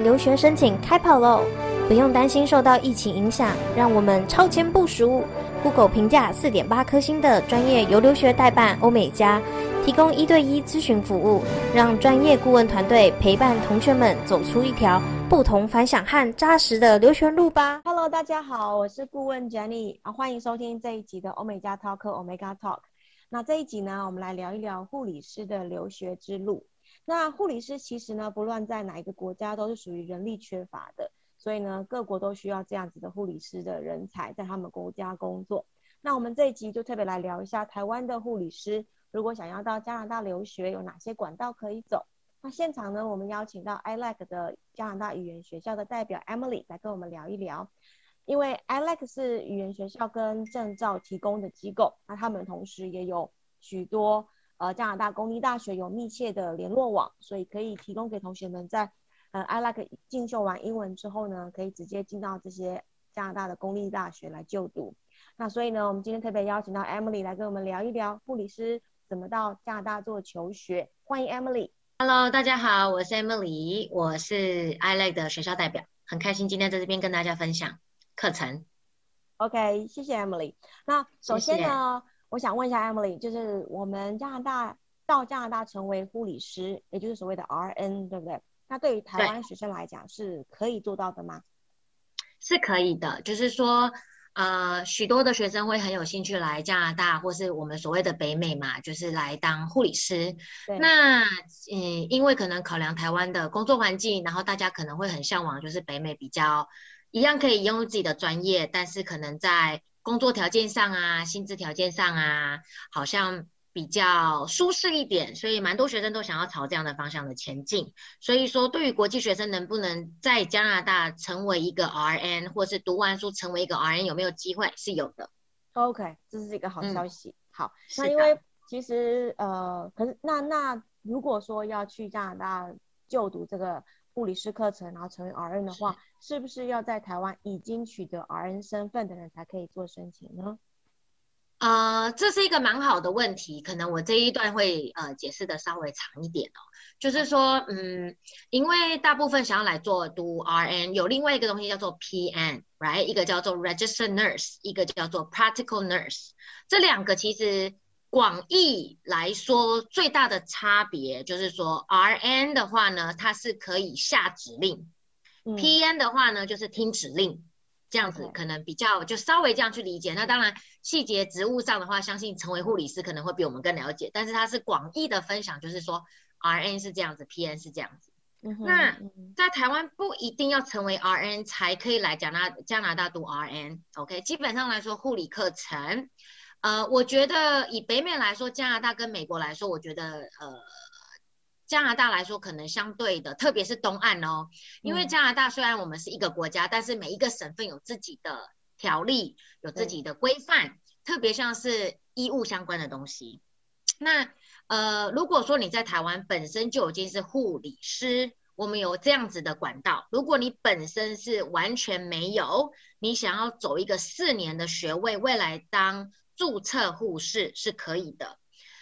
留學申請開跑嘍！不用擔心受到疫情影響，讓我們超前部署。Google 評價四點八顆星的專業遊留學代辦歐美加，提供一對一諮詢服務，讓專業顧問團隊陪伴同學們走出一條不同凡響和扎實的留學路吧。Hello，大家好，我是顧問 Jenny，啊，歡迎收聽這一集的歐美加 Talk，Omega Talk。那這一集呢，我們來聊一聊護理師的留學之路。那護理師其實呢，不論在哪一個國家，都是屬於人力缺乏的，所以呢，各國都需要這樣子的護理師的人才在他們國家工作。那我們這一集就特別來聊一下台灣的護理師，如果想要到加拿大留學，有哪些管道可以走？那現場呢，我們邀請到 ILAC 的加拿大語言學校的代表 Emily 來跟我們聊一聊，因為 ILAC 是語言學校跟證照提供的機構，那他們同時也有許多。呃，加拿大公立大學有密切的聯絡網，所以可以提供給同學們在，在呃，ILAC 進修完英文之後呢，可以直接進到這些加拿大的公立大學來就讀。那所以呢，我們今天特別邀請到 Emily 來跟我們聊一聊護理師怎麼到加拿大做求學。歡迎 Emily。Hello，大家好，我是 Emily，我是 ILAC 的學校代表，很開心今天在這邊跟大家分享課程。OK，謝謝 Emily。那首先呢。謝謝我想問一下 Emily，就是我們加拿大到加拿大成為護理師，也就是所謂的 RN，對不對？那對於台灣學生來講，對是可以做到的嗎？是可以的，就是說，呃，許多的學生會很有興趣來加拿大，或是我們所謂的北美嘛，就是來當護理師。對那嗯，因為可能考量台灣的工作環境，然後大家可能會很向往，就是北美比較一樣可以用自己的專業，但是可能在工作條件上啊，薪資條件上啊，好像比較舒適一點，所以蠻多學生都想要朝這樣的方向的前進。所以說，對於國際學生能不能在加拿大成為一個 RN，或是讀完書成為一個 RN，有沒有機會，是有的。OK，這是一個好消息。嗯、好，的那因為其實呃，可是那那如果說要去加拿大就讀這個。護理師課程，然後成為 RN 的話，是，是不是要在台灣已經取得 RN 身份的人才可以做申請呢？啊、呃，這是一個蠻好的問題，可能我這一段會呃解釋的稍微長一點哦。就是說，嗯，因為大部分想要來做讀 RN 有另外一個東西叫做 PN，right？一個叫做 Registered Nurse，一個叫做 Practical Nurse，這兩個其實。廣義來說，最大的差別就是說，R N 的話呢，它是可以下指令、嗯、。P N 的話呢，就是聽指令。這樣子可能比較就稍微這樣去理解。Okay. 那當然，細節職務上的話，相信成為護理師可能會比我們更了解。但是它是廣義的分享，就是說，R N 是這樣子，P N 是這樣子。嗯、哼那在台灣不一定要成為 R N 才可以來加拿加拿大讀 R N。OK，基本上來說，護理課程。呃，我覺得以北美來說，加拿大跟美國來說，我覺得呃，加拿大來說可能相對的，特別是東岸哦，因為加拿大雖然我們是一個國家，嗯、但是每一個省份有自己的條例，有自己的規範，嗯、特別像是醫務相關的東西。那呃，如果說你在台灣本身就已經是護理師，我們有這樣子的管道；如果你本身是完全沒有，你想要走一個四年的學位，未來當註冊護士是可以的，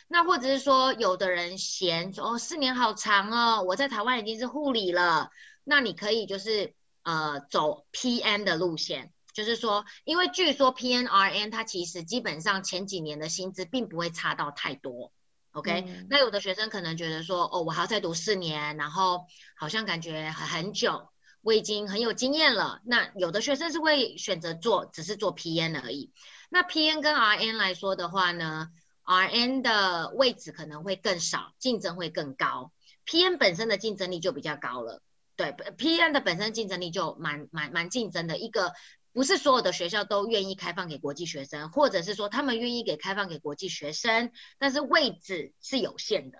那或者是說，有的人嫌哦，四年好長哦，我在台灣已經是護理了，那你可以就是呃走 P N 的路線，就是說，因為據說 P N R N 它其實基本上前幾年的薪資並不會差到太多，OK？、嗯、那有的學生可能覺得說，哦，我還要再讀四年，然後好像感覺很很久，我已經很有經驗了，那有的學生是會選擇做，只是做 P N 而已。那 P N 跟 R N 來說的話呢，R N 的位置可能會更少，競爭會更高。P N 本身的競爭力就比較高了，對 P N 的本身競爭力就蠻蠻蠻競爭的一個，不是所有的學校都願意開放給國際學生，或者是說他們願意給開放給國際學生，但是位置是有限的。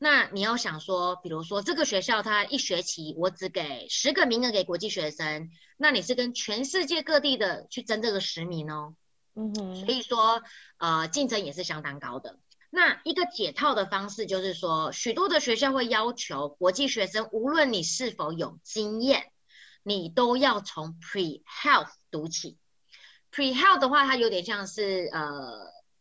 那你要想說，比如說這個學校它一學期我只給十個名額給國際學生，那你是跟全世界各地的去爭這個十名哦。嗯，所以說，呃，競爭也是相當高的。那一個解套的方式就是說，許多的學校會要求國際學生，無論你是否有經驗，你都要從 Pre Health 讀起。Pre Health 的話，它有點像是呃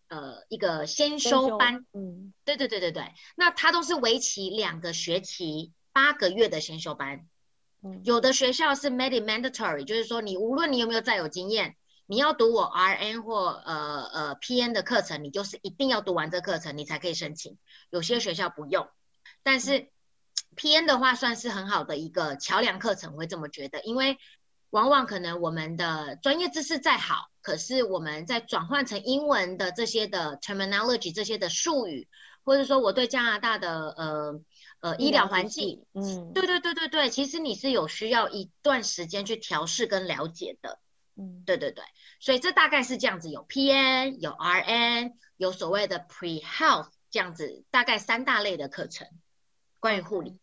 呃一個先修班。修嗯，對對對對對。那它都是為期兩個學期八個月的先修班。嗯，有的學校是 Mandatory，就是說你無論你有沒有再有經驗。你要讀我 RN 或呃呃 PN 的課程，你就是一定要讀完這課程，你才可以申請。有些學校不用，但是、嗯、PN 的話算是很好的一個橋樑課程，我會這麼覺得，因為往往可能我們的專業知識再好，可是我們在轉換成英文的這些的 terminology 這些的術語，或者說我對加拿大的呃呃醫療環境，嗯，對對對對對，其實你是有需要一段時間去調試跟了解的。嗯，對對對，所以這大概是這樣子，有 PN，有 RN，有所謂的 Pre-Health 這樣子，大概三大類的課程，關於護理。Okay.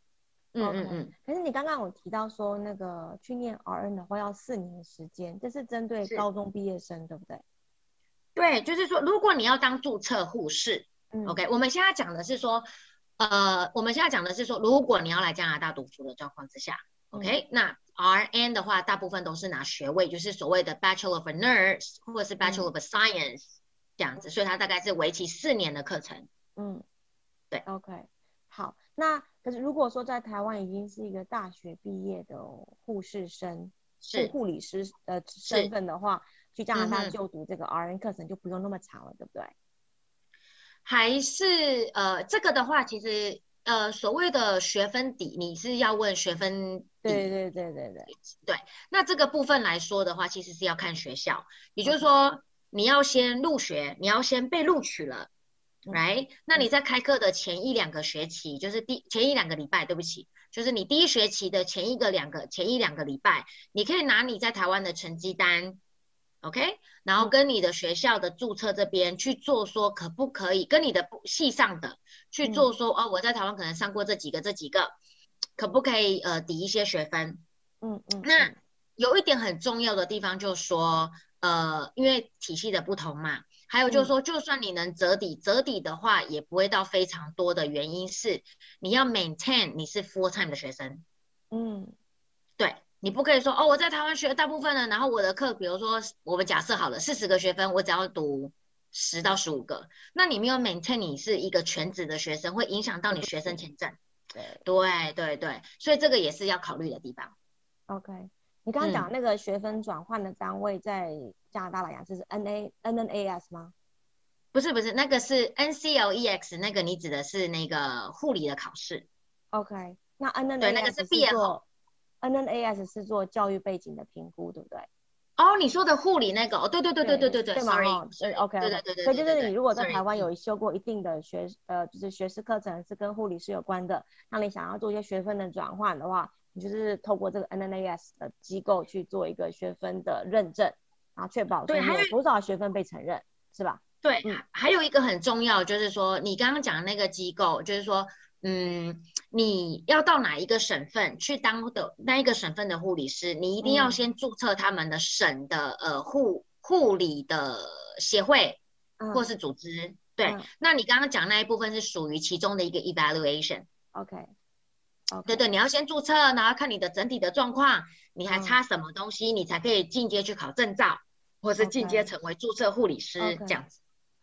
嗯嗯嗯。可是你剛剛有提到說，那個去念 RN 的話要四年的時間，這是針對高中畢業生，是對不對？對，就是說，如果你要當註冊護士、嗯、，OK，我們現在講的是說，呃，我們現在講的是說，如果你要來加拿大讀書的狀況之下、嗯、，OK，那。R N 的話，大部分都是拿學位，就是所謂的 Bachelor of a Nurse 或者是 Bachelor of a Science、嗯、這樣子，所以它大概是為期四年的課程。嗯，對，OK，好，那可是如果說在台灣已經是一個大學畢業的、哦、護士生，是護理師的身份的話，是去加拿大就讀這個 R N 課程就不用那麼長了，嗯、哼對不對？還是呃，這個的話，其實。呃，所謂的學分底，你是要問學分底？對對對對對對。那這個部分來說的話，其實是要看學校，也就是說，Okay. 你要先入學，你要先被錄取了，right，Okay. 那你在開課的前一兩個學期，就是第前一兩個禮拜，對不起，就是你第一學期的前一個兩個前一兩個禮拜，你可以拿你在台灣的成績單。OK，然後跟你的學校的註冊這邊去做，說可不可以、嗯、跟你的系上的去做說、嗯、哦，我在台灣可能上過這幾個這幾個，可不可以呃抵一些學分？嗯嗯。嗯，那有一點很重要的地方就是說，呃，因為體系的不同嘛，還有就是說，就算你能折抵，折抵的話，也不會到非常多的原因，是你要 maintain 你是 full time 的學生。嗯。你不可以說哦，我在台灣學大部分的，然後我的課，比如說我們假設好了，四十個學分，我只要讀十到十五個，那你沒有 maintain 你是一個全職的學生，會影響到你學生簽證。對對對對，所以這個也是要考慮的地方。OK，你剛剛講那個學分轉換的單位在加拿大來講，就、嗯、是 N A N N A S 嗎？不是不是，那個是 N C L E X，那個你指的是那個護理的考試。OK，那 N N A S 對，那個是畢業後。NNAS 是做教育背景的評估，對不對？哦，oh, 你說的護理那個，哦、oh,，對對對對對對對，對嗎？Sorry. oh, 對，OK，, okay. 對對對對，就是你如果在台灣有修過一定的學，Sorry. 呃，就是學士課程是跟護理是有關的，那你想要做一些學分的轉換的話，你就是透過這個 NNAS 的機構去做一個學分的認證，對然後確保說有多少學分被承認，對是吧？對，還、嗯、還有一個很重要就是說，你剛剛講的那個機構就是說。嗯，你要到哪一個省份去當的那一個省份的護理師，你一定要先註冊他們的省的、嗯、呃護護理的協會、嗯、或是組織。對，嗯、那你剛剛講那一部分是屬於其中的一個 evaluation。OK, okay. 對，對對，你要先註冊，然後看你的整體的狀況，你還差什麼東西，嗯、你才可以進階去考證照，或是進階成為註冊護理師，okay, okay. 這樣子。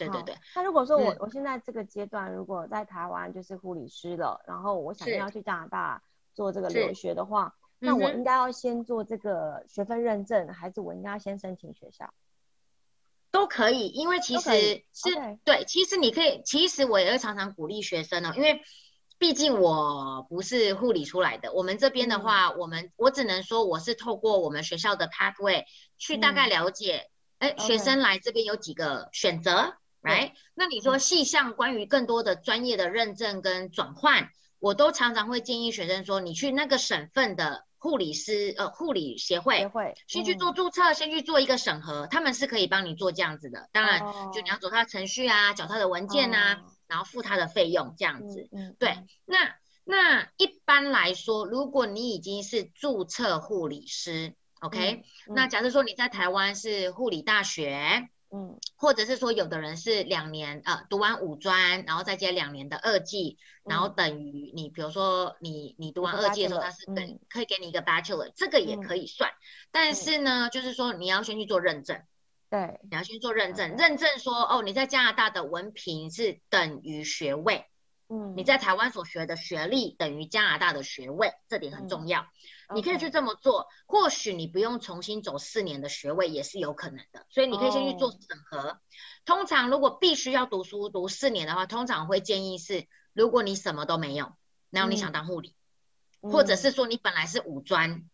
對對，對，那如果說我是我現在這個階段如果在台灣就是護理師了，然後我想要去加拿大做這個留學的話，嗯、那我應該要先做這個學分認證，還是我應該要先申請學校？都可以，因為其實是 okay, okay, 對，其實你可以，其實我也會常常鼓勵學生呢、哦，因為畢竟我不是護理出來的，我們這邊的話，嗯、我們我只能說我是透過我們學校的 pathway 去大概了解，哎，學生來這邊有幾個選擇。來，那你說細項，關於更多的專業的認證跟轉換，嗯、我都常常會建議學生說，你去那個省份的護理師呃護理協會，協會嗯、先去做註冊，先去做一個審核，他們是可以幫你做這樣子的。當然，哦、就你要走他的程序啊，繳他的文件啊，哦、然後付他的費用這樣子。嗯嗯、對，那那一般來說，如果你已經是註冊護理師，OK，那假設說你在台灣是護理大學。嗯，或者是說，有的人是兩年，呃，讀完五專，然後再接兩年的二技，嗯、然後等於你，比如說你你讀完二技的時候，他是等一個 Bachelor，嗯、可以給你一個 Bachelor，這個也可以算。嗯、但是呢，嗯、就是說你要先去做認證，對，你要先去做認證，okay. 認證說哦，你在加拿大的文憑是等於學位。嗯，你在台灣所學的學歷等於加拿大的學位，這點很重要。嗯、你可以去這麼做，Okay. 或許你不用重新走四年的學位也是有可能的。所以你可以先去做審核。Oh. 通常如果必須要讀書讀四年的話，通常會建議是：如果你什麼都沒有，然後你想當護理，嗯、或者是說你本來是五專，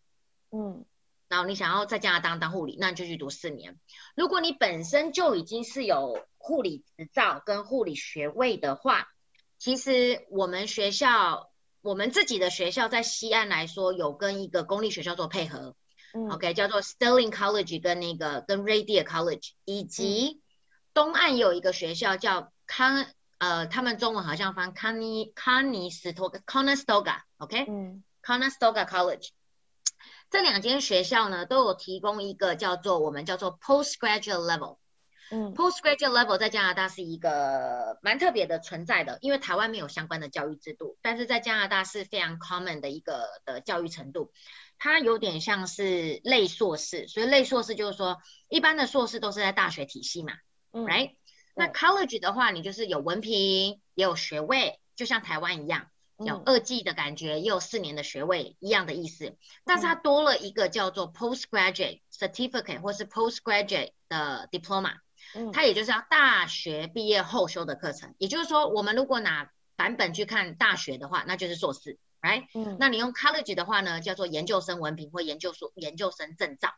嗯，然後你想要在加拿大當護理，那你就去讀四年。如果你本身就已經是有護理執照跟護理學位的話，其實我們學校，我們自己的學校在西岸來說，有跟一個公立學校做配合、嗯、OK，叫做 Sterling College 跟那個跟 Radio College，以及東岸有一個學校叫康，嗯、呃，他們中文好像翻康尼康尼斯托康納斯托噶，OK，嗯，Conestoga College，這兩間學校呢都有提供一個叫做我們叫做 Postgraduate Level。嗯，postgraduate level 在加拿大是一個蠻特別的存在的，因為台灣沒有相關的教育制度，但是在加拿大是非常 common 的一個的教育程度，它有點像是類碩士，所以類碩士就是說一般的碩士都是在大學體系嘛，嗯，right。那 college 的話，你就是有文憑也有學位，就像台灣一樣，有二技的感覺，也有四年的學位一樣的意思，但是它多了一個叫做 postgraduate certificate 或是 postgraduate 的 diploma。它、嗯、也就是要大學畢業後修的課程，也就是說，我們如果拿版本去看大學的話，那就是碩士，h、right? 嗯，那你用 college 的話呢，叫做研究生文憑或研究所研究生證照，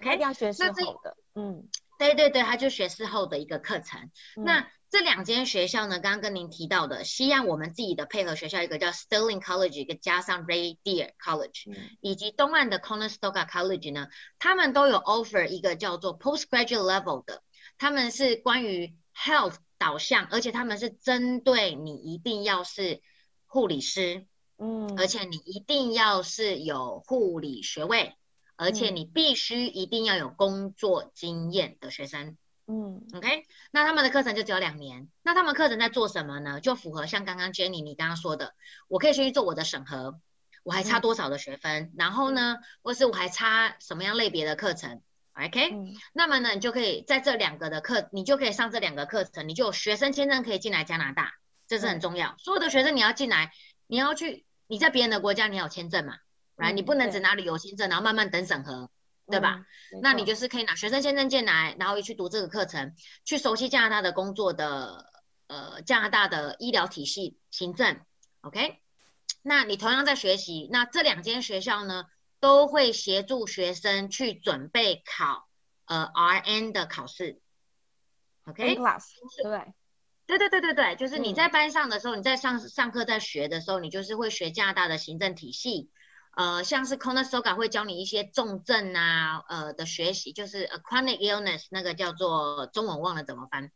對，要學士後的，那這嗯，對對對，它就學士後的一個課程。嗯、那這兩間學校呢，剛剛跟您提到的，西岸我們自己的配合學校一個叫 Sterling College，一個加上 Red Deer College，、嗯、以及東岸的 Conestoga College 呢，他們都有 offer 一個叫做 postgraduate level 的。他們是關於 Health 導向，而且他們是針對你一定要是護理師，嗯，而且你一定要是有護理學位，而且你必須一定要有工作經驗的學生，嗯，OK，那他們的課程就只有兩年，那他們課程在做什麼呢？就符合像剛剛 Jenny 你剛剛說的，我可以先去做我的審核，我還差多少的學分，嗯、然後呢，或是我還差什麼樣類別的課程？OK，、嗯、那麼呢，你就可以在這兩個的課，你就可以上這兩個課程，你就有學生簽證可以進來加拿大，這是很重要。嗯、所有的學生你要進來，你要去，你在別人的國家，你有簽證嘛？來、嗯，Right? 你不能只拿旅遊簽證，對然後慢慢等審核，嗯、對吧？嗯、那你就是可以拿學生簽證進來，然後去讀這個課程，去熟悉加拿大的工作的，呃，加拿大的醫療體系、行政。OK，那你同樣在學習，那這兩間學校呢？都會協助學生去準備考呃 RN 的考試，OK？Class，對，對對對對對，就是你在班上的時候，嗯、你在上上課在學的時候，你就是會學加拿大的行政體系，呃，像是 Conestoga 會教你一些重症啊，呃的學習，就是 Chronic Illness 那個叫做中文忘了怎麼翻，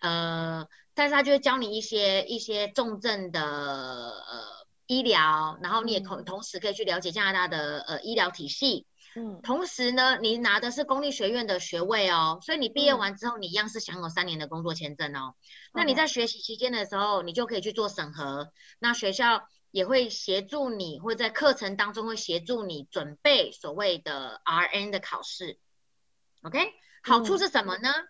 呃，但是他就會教你一些一些重症的呃。醫療，然後你也同同時可以去了解加拿大的、嗯、呃醫療體系，嗯，同時呢，你拿的是公立學院的學位哦，所以你畢業完之後，嗯、你一樣是享有三年的工作簽證哦。嗯、那你在學習期間的時候，你就可以去做審核，Okay. 那學校也會協助你，會在課程當中會協助你準備所謂的 RN 的考試。OK，好處是什麼呢？嗯、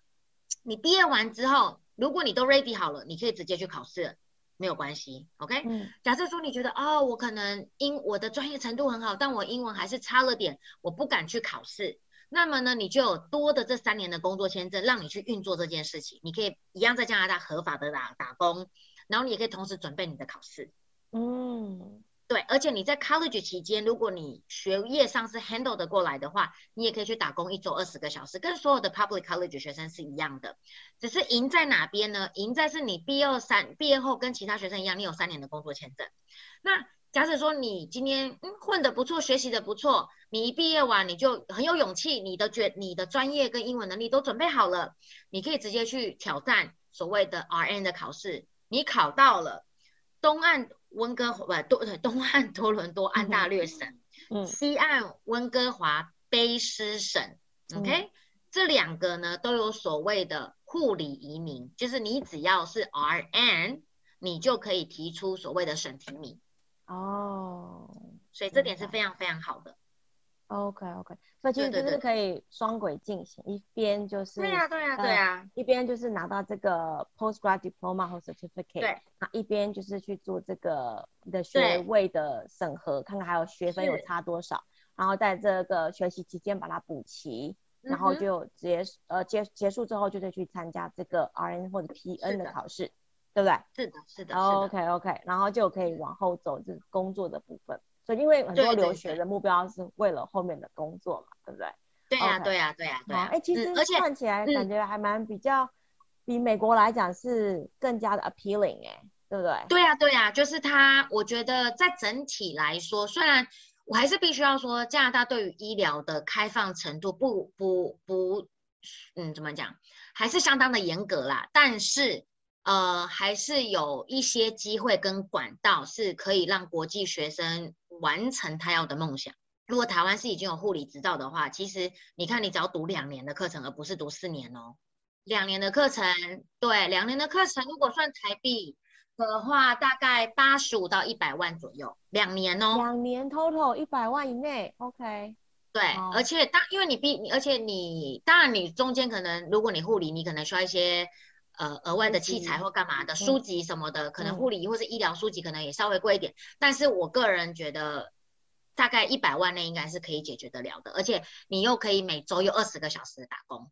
你畢業完之後，如果你都 ready 好了，你可以直接去考試。沒有關係，OK。嗯。假設說你覺得哦，我可能英我的專業程度很好，但我英文還是差了點，我不敢去考試。那麼呢，你就有多的這三年的工作簽證，讓你去運作這件事情。你可以一樣在加拿大合法的打打工，然後你也可以同時準備你的考試。嗯。對，而且你在 college 期間，如果你學業上是 handle 的過來的話，你也可以去打工一周二十個小時，跟所有的 public college 的學生是一樣的，只是贏在哪邊呢？贏在是你畢業三畢業後跟其他學生一樣，你有三年的工作簽證。那假設說你今天嗯混得不錯，學習得不錯，你一畢業完你就很有勇氣，你的你的專業跟英文能力都準備好了，你可以直接去挑戰所謂的 RN 的考試，你考到了東岸。溫哥華，不對，東岸多倫多安大略省，嗯，嗯，西岸溫哥華卑詩省，OK，嗯，這兩個呢都有所謂的護理移民，就是你只要是 RN，你就可以提出所謂的省提名哦，所以這點是非常非常好的。OK OK，所、so、以其實就是可以雙軌進行，一邊就是對呀、啊、對呀、啊、對呀、啊呃，一邊就是拿到這個 postgrad Diploma 或 Certificate，那一邊就是去做這個的學位的審核，對看看還有學分有差多少，是然後在這個學習期間把它補齊，嗯、哼然後就結呃結結束之後就再去參加這個 RN 或者 PN 的考試，的對不對是？是的，是的。OK OK，然後就可以往後走，就是工作的部分。所以，因為很多留學的目標是為了後面的工作嘛，對，對，對，對，對不對？對呀、啊 Okay 啊，對呀、啊，對呀、啊，對、啊。哎、嗯欸，其實而且看起來感覺還蠻比較，嗯、比美國來講是更加的 appealing，哎、欸，對不對？對呀、啊，對呀、啊，就是它，我覺得在整體來說，雖然我還是必須要說，加拿大對於醫療的開放程度不不不，嗯，怎麼講，還是相當的嚴格啦。但是，呃，還是有一些機會跟管道是可以讓國際學生。完成他要的夢想。如果台灣是已經有護理執照的話，其實你看，你只要讀兩年的課程，而不是讀四年哦、喔。兩年的課程，對，兩年的課程，如果算台幣的話，大概八十五到一百萬左右。兩年哦，兩年 total 一百萬以內，OK。對，而且當因為你畢，而且你當然你中間可能，如果你護理，你可能需要一些。呃，額外的器材或幹嘛的書籍，okay, 書籍什麼的，可能護理或是醫療書籍可能也稍微貴一點，嗯、但是我個人覺得，大概一百萬內應該是可以解決得了的，而且你又可以每周有二十個小時打工。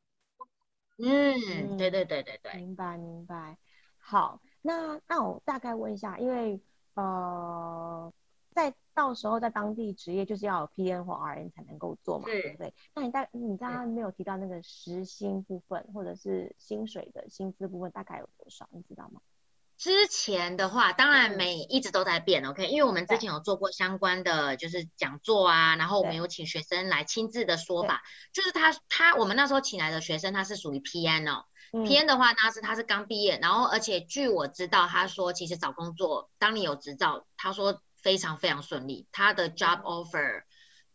嗯，嗯對對對對對，明白明白。好，那那我大概問一下，因為呃。在到時候在當地執業，就是要有 P N 或 R N 才能夠做嘛，是對不對？那你在你剛剛沒有提到那個時薪部分，嗯、或者是薪水的薪資部分，大概有多少？你知道嗎？之前的話，當然沒對一直都在變，OK？因為我們之前有做過相關的就是講座啊，對然後我們有請學生來親自的說法，對就是他他我們那時候請來的學生他是屬於 P N 哦、嗯、，P N 的話，當時他是剛畢業，然後而且據我知道，他說其實找工作，當你有執照，他說。非常非常順利，他的 job offer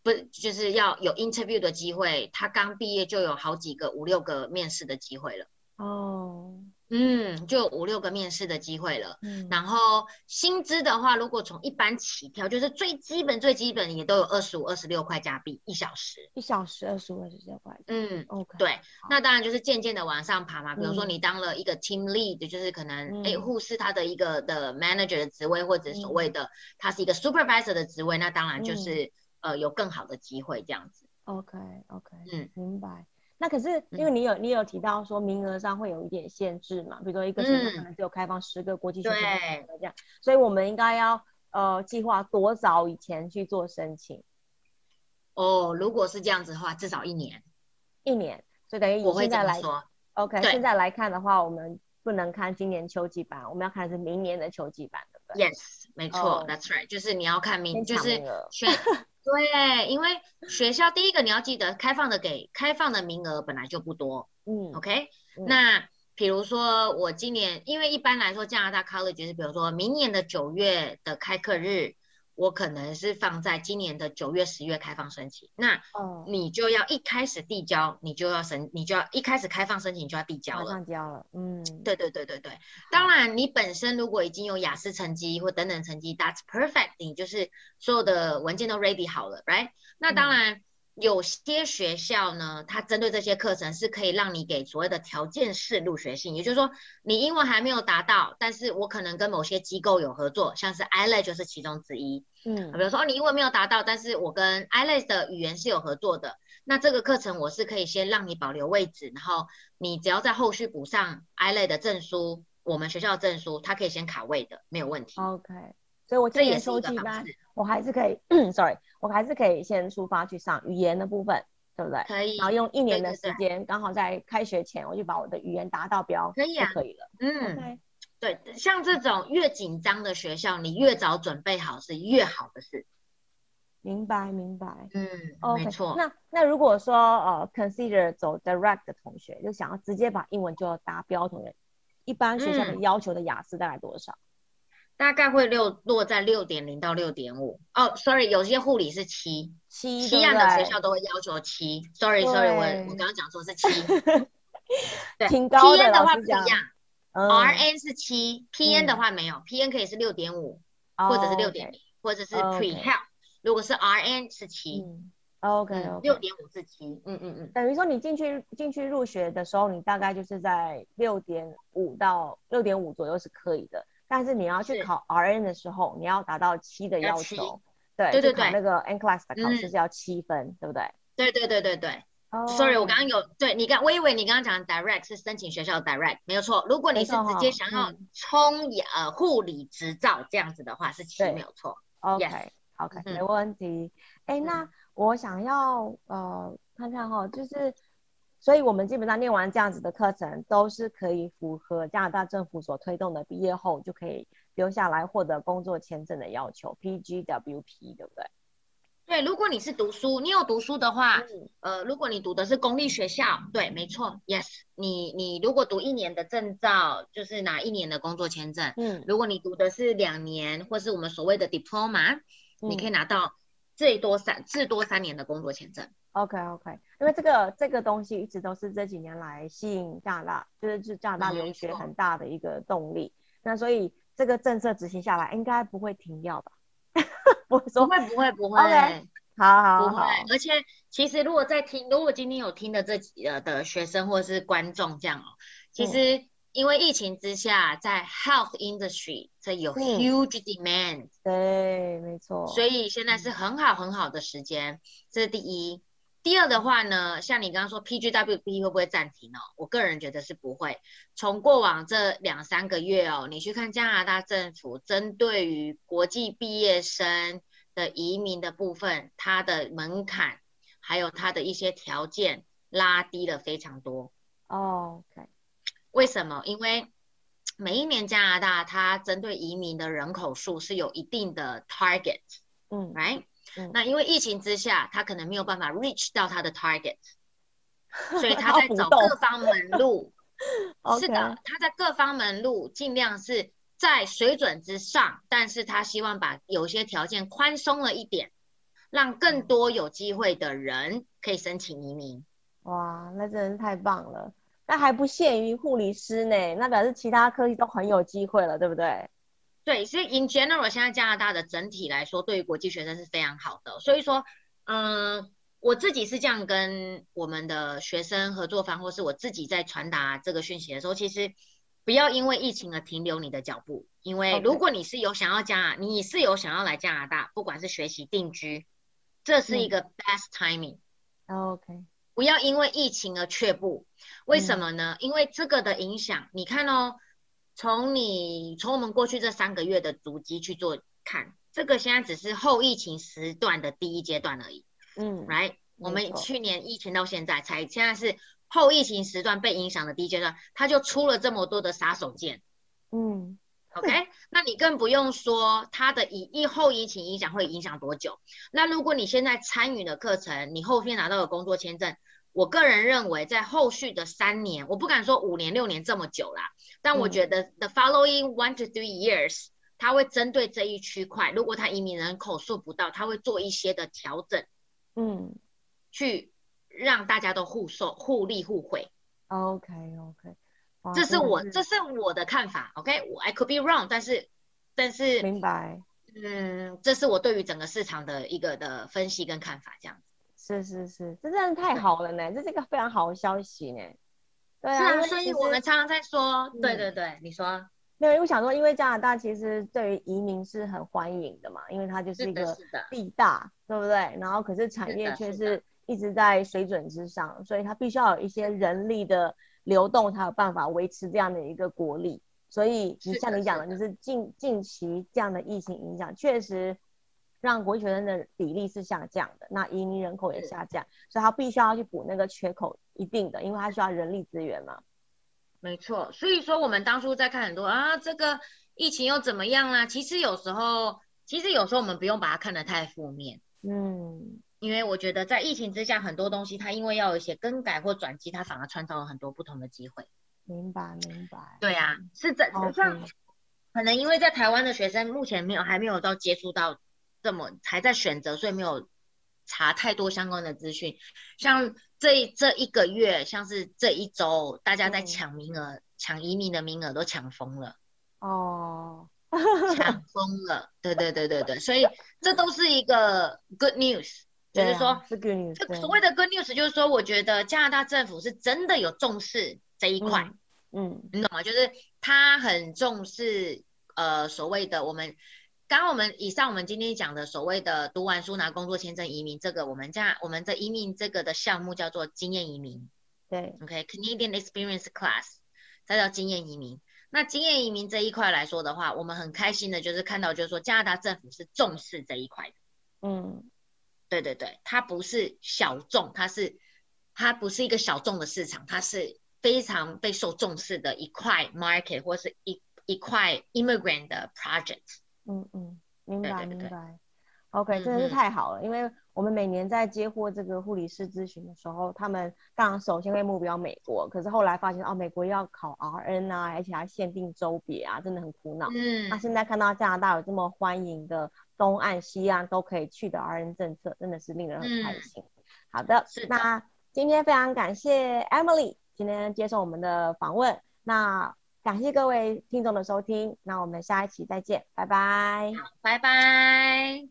不，就是要有 interview 的機會？他剛畢業就有好幾個五六個面試的機會了。哦。Oh. 嗯，就五六個面試的機會了。嗯，然後薪資的話，如果從一般起跳，就是最基本最基本也都有二十五、二十六塊加幣一小時。一小時二十五、二十六塊加幣。嗯，OK。對，那當然就是漸漸的往上爬嘛。比如說你當了一個 Team Lead，就是可能誒護士他的一個的 Manager 的職位，或者所謂的他是一個 Supervisor 的職位，那當然就是呃有更好的機會這樣子。OK，OK。嗯，明白。那可是，因為你有、嗯、你有提到說名額上會有一點限制嘛，比如說一個城市可能只有開放十個國際學生這樣，嗯、所以我們應該要呃計劃多早以前去做申請？哦，如果是這樣子的話，至少一年，一年，所以等於我會再來說。OK，對現在來看的話，我們不能看今年秋季班，我們要看是明年的秋季班，對不對？Yes，沒錯，哦，That's right，就是你要看明，就是。 對，因為學校第一個你要記得，開放的給開放的名額本來就不多，嗯，OK，嗯那比如說我今年，因為一般來說加拿大 college 就是比如說明年的九月的開課日。我可能是放在今年的九月、十月開放申請，那你就要一開始遞交、哦你，你就要申，你就要一開始開放申請就要遞交了。遞交了，嗯，對對對對對。當然，你本身如果已經有雅思成績或等等成績，that's perfect，你就是所有的文件都 ready 好了，right？那當然。嗯有些學校呢，它針對這些課程是可以讓你給所謂的條件式入學信，也就是說，你英文還沒有達到，但是我可能跟某些機構有合作，像是 ILAC 就是其中之一。嗯，比如說，哦，你英文沒有達到，但是我跟 ILAC 的語言是有合作的，那這個課程我是可以先讓你保留位置，然後你只要在後續補上 ILAC 的證書，我們學校的證書，它可以先卡位的，沒有問題。OK，所以我集吧這也是一個方式。我還是可以 ，sorry，我還是可以先出發去上語言的部分，對不對？可以。然後用一年的時間，剛好在開學前，我就把我的語言達到標。可以、啊、可以了。嗯，okay? 對，像這種越緊張的學校，你越早準備好是對越好的事。明白，明白。嗯，okay, 沒錯錯。那那如果說呃、uh,，consider 走 direct 的同學，就想要直接把英文就達標同學，一般學校的要求的雅思大概多少？嗯大概會六落在六點零到六點五哦，Sorry，有些護理是七七，一樣的學校都會要求七。Sorry Sorry，我我剛剛講說是七，對，挺高的。PN 的話不一樣 RN 是七，PN 的話沒有，PN 可以是六點五或者是六點零或者是 Pre Health。如果是 RN 是七，OK，六點五是七，嗯嗯嗯，等於說你進去進去入學的時候，你大概就是在六點五到六點五左右是可以的。但是你要去考 RN 的時候，你要達到七的要求，對，對對對，那個 N class 的考試是要七分，對不對？對對對對對。哦，Sorry，我剛剛有對你剛，我以為你剛剛講的 direct 是申請學校 direct 沒有錯。如果你是直接想要衝呃護理執照這樣子的話，是七沒有錯。OK OK，沒問題。哎，那我想要呃看看哈，就是。所以，我們基本上念完這樣子的課程，都是可以符合加拿大政府所推動的，畢業後就可以留下來獲得工作簽證的要求，PGWP，對不對？對，如果你是讀書，你有讀書的話，嗯、呃，如果你讀的是公立學校，對，沒錯，Yes，你你如果讀一年的證照，就是拿一年的工作簽證，嗯、如果你讀的是兩年，或是我們所謂的 diploma，、嗯、你可以拿到最多三至多三年的工作簽證。OK OK，因為這個 這個東西一直都是這幾年來吸引加拿大，就是去加拿大留學很大的一個動力。沒錯。那所以這個政策執行下來，應該不會停掉吧？ 我說，不會不會不會。Okay. 好好好，而且其實如果在聽，如果今天有聽的這幾呃的學生或是觀眾這樣哦，其實因為疫情之下，在 health industry 這有、嗯、huge demand，對，沒錯。所以現在是很好很好的時間，嗯、這是第一。第二的話呢，像你剛剛說 P G W P 會不會暫停呢、哦？我個人覺得是不會。從過往這兩三個月哦，你去看加拿大政府針對於國際畢業生的移民的部分，它的門檻還有它的一些條件拉低了非常多。Oh, OK，為什麼？因為每一年加拿大它針對移民的人口數是有一定的 target，嗯、mm.，right? 嗯，那因為疫情之下，他可能沒有辦法 reach 到他的 target，所以他在找各方門路。是的，他在各方門路盡量是在水準之上，但是他希望把有些條件寬鬆了一點，讓更多有機會的人可以申請移民。哇，那真是太棒了！那還不限於護理師呢，那表示其他科技都很有機會了，對不對？對，所以 in general，現在加拿大的整體來說，對於國際學生是非常好的。所以說，嗯，我自己是這樣跟我們的學生合作方，或是我自己在傳達這個訊息的時候，其實不要因為疫情而停留你的腳步。因為如果你是有想要加拿，Okay. 你是有想要來加拿大，不管是學習定居，這是一個 best timing，嗯。OK，不要因為疫情而卻步。為什麼呢？嗯，因為這個的影響，你看哦。從你從我們過去這三個月的足跡去做看，這個現在只是後疫情時段的第一階段而已。嗯，來，錯我們去年疫情到現在才現在是後疫情時段被影響的第一階段，他就出了這麼多的殺手鐧。嗯，OK，是那你更不用說他的疫後疫情影響會影響多久。那如果你現在參與的課程，你後面拿到的工作簽證。我個人認為，在後續的三年，我不敢說五年、六年這麼久啦，但我覺得 the following one to three years，它，嗯，會針對這一區塊，如果它移民人口數不到，它會做一些的調整，嗯，去讓大家都互受互利互惠。哦，OK OK，這是我，這是我的看法。OK，I could be wrong，但是但是明白，嗯，這是我對於整個市場的一個的分析跟看法，這樣子。是是是，這真的是太好了呢！欸， 這是一個非常好的消息呢！欸。對啊，啊所以我們常常在說，嗯、對對對，你說，沒有，我想說，因為加拿大其實對於移民是很歡迎的嘛，因為它就是一個地大，是的對不對？然後可是產業卻是一直在水準之上，所以它必須要有一些人力的流動，才有辦法維持這樣的一個國力。所以你像你講的，就是，是，是近近期這樣的疫情影響，確實。讓國際學生的比例是下降的，那移民人口也下降，嗯、所以他必須要去補那個缺口一定的，因為他需要人力資源嘛。沒錯，所以說我們當初在看很多啊，這個疫情又怎麼樣啦、啊？其實有時候，其實有時候我們不用把它看得太負面。嗯，因為我覺得在疫情之下，很多東西它因為要有一些更改或轉機，它反而創造了很多不同的機會。明白，明白。對呀、啊，是在 Okay. 像可能因為在台灣的學生目前沒有，還沒有到接觸到。怎麼還在選擇，所以沒有查太多相關的資訊。像這一這一,一個月，像是這一週，大家在搶名額、搶、嗯、移民的名額都搶瘋了。哦，搶 瘋了，對對對對對，所以這都是一個 good news、啊、就是說，這所謂的 good news 就是說，我覺得加拿大政府是真的有重視這一塊、嗯。嗯，你懂嗎？就是他很重視呃所謂的我們。剛剛我們以上我們今天講的所謂的讀完書拿工作簽證移民，這個我們家我們這移民這個的項目叫做經驗移民，對，OK Canadian Experience Class，它叫經驗移民。那經驗移民這一塊來說的話，我們很開心的就是看到，就是說加拿大政府是重視這一塊的。嗯，對對對，它不是小眾，它是它不是一個小眾的市場，它是非常備受重視的一塊 market 或是一一塊 immigrant 的 project。嗯嗯，明白對對對明白，OK，、嗯、哼真的是太好了，因為我們每年在接獲這個護理師諮詢的時候，他們當然首先會目標美國，可是後來發現哦，美國要考 RN 啊，而且還限定州別啊，真的很苦惱。嗯，那現在看到加拿大有這麼歡迎的東岸西岸都可以去的 RN 政策，真的是令人很開心。嗯、好的，的那今天非常感謝 Emily 今天接受我們的訪問。那感謝各位聽眾的收聽，那我們下一期再見，拜拜，好，拜拜。